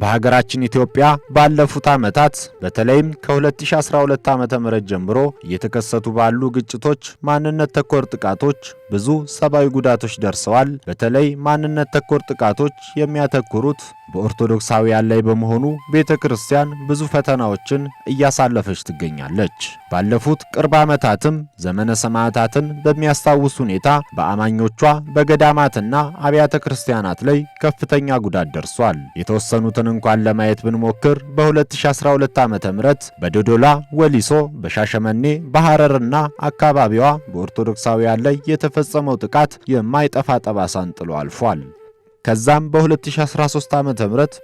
በሀገራችን ኢትዮጵያ ባለፉት ዓመታት በተለይም ከ2012 ዓ.ም ጀምሮ እየተከሰቱ ባሉ ግጭቶች፣ ማንነት ተኮር ጥቃቶች ብዙ ሰብአዊ ጉዳቶች ደርሰዋል። በተለይ ማንነት ተኮር ጥቃቶች የሚያተኩሩት በኦርቶዶክሳውያን ላይ በመሆኑ ቤተ ክርስቲያን ብዙ ፈተናዎችን እያሳለፈች ትገኛለች። ባለፉት ቅርብ ዓመታትም ዘመነ ሰማዕታትን በሚያስታውስ ሁኔታ በአማኞቿ በገዳማትና አብያተ ክርስቲያናት ላይ ከፍተኛ ጉዳት ደርሷል። የተወሰኑትን ጨዋታውን እንኳን ለማየት ብንሞክር በ2012 ዓ ም በዶዶላ ወሊሶ፣ በሻሸመኔ በሐረርና አካባቢዋ በኦርቶዶክሳውያን ላይ የተፈጸመው ጥቃት የማይጠፋ ጠባሳን ጥሎ አልፏል። ከዛም በ2013 ዓ.ም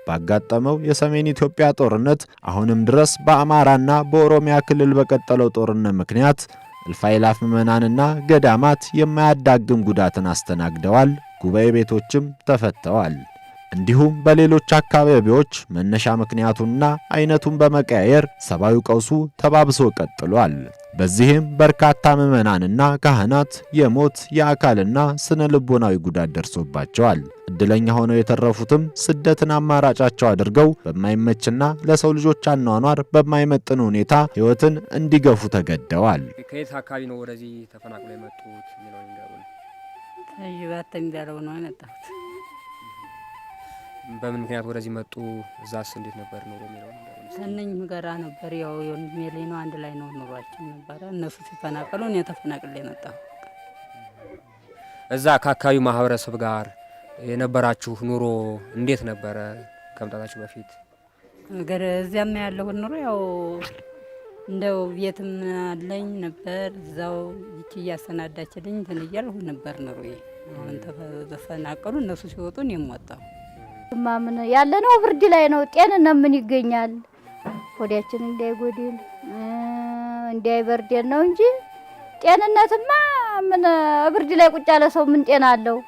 ባጋጠመው የሰሜን ኢትዮጵያ ጦርነት አሁንም ድረስ በአማራና በኦሮሚያ ክልል በቀጠለው ጦርነት ምክንያት እልፍ አእላፍ ምዕመናንና ገዳማት የማያዳግም ጉዳትን አስተናግደዋል። ጉባኤ ቤቶችም ተፈተዋል። እንዲሁም በሌሎች አካባቢዎች መነሻ ምክንያቱና አይነቱን በመቀያየር ሰብአዊ ቀውሱ ተባብሶ ቀጥሏል። በዚህም በርካታ ምዕመናንና ካህናት የሞት የአካልና ስነ ልቦናዊ ጉዳት ደርሶባቸዋል። እድለኛ ሆነው የተረፉትም ስደትን አማራጫቸው አድርገው በማይመችና ለሰው ልጆች አኗኗር በማይመጥን ሁኔታ ሕይወትን እንዲገፉ ተገደዋል። ከየት አካባቢ ነው ወደዚህ ተፈናቅሎ የመጡት? ይባተ ነው የመጣሁት በምን ምክንያት ወደዚህ መጡ? እዛስ እንዴት ነበር ኑሮ የሚለው ከነኝ ጋራ ነበር። ያው ነው፣ አንድ ላይ ነው ኑሯችን ነበረ። እነሱ ሲፈናቀሉ እኔ ተፈናቅል የመጣ እዛ ከአካባቢ ማህበረሰብ ጋር የነበራችሁ ኑሮ እንዴት ነበረ ከመምጣታችሁ በፊት? ነገር እዚያም ያለሁት ኑሮ ያው እንደው ቤትም አለኝ ነበር እዛው ይቺ እያሰናዳችልኝ እንትን እያልሁ ነበር ኑሮዬ። አሁን ተፈናቀሉ እነሱ ሲወጡ እኔም ወጣሁ። አልቻልኩማ። ያለ ያለነው ብርድ ላይ ነው። ጤንነት ምን ይገኛል? ሆዳችን እንዳይጎድል እንዳይበርደን ነው እንጂ ጤንነትማ ምን ብርድ ላይ ቁጭ ያለ ሰው ምን ጤና አለው?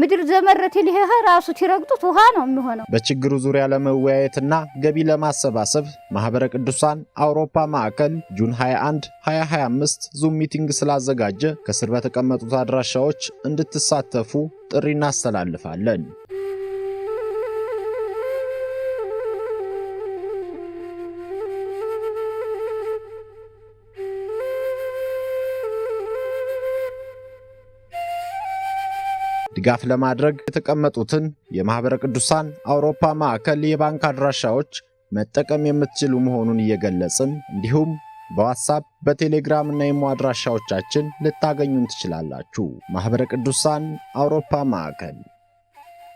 ምድር ዘመረት ይልህ ራሱ ሲረግጡት ውሃ ነው የሚሆነው። በችግሩ ዙሪያ ለመወያየትና ገቢ ለማሰባሰብ ማህበረ ቅዱሳን አውሮፓ ማዕከል ጁን 21 2025 ዙም ሚቲንግ ስላዘጋጀ ከስር በተቀመጡት አድራሻዎች እንድትሳተፉ ጥሪ እናስተላልፋለን። ድጋፍ ለማድረግ የተቀመጡትን የማኅበረ ቅዱሳን አውሮፓ ማዕከል የባንክ አድራሻዎች መጠቀም የምትችሉ መሆኑን እየገለጽን እንዲሁም በዋትሳፕ በቴሌግራም እና የሞ አድራሻዎቻችን ልታገኙን ትችላላችሁ። ማኅበረ ቅዱሳን አውሮፓ ማዕከል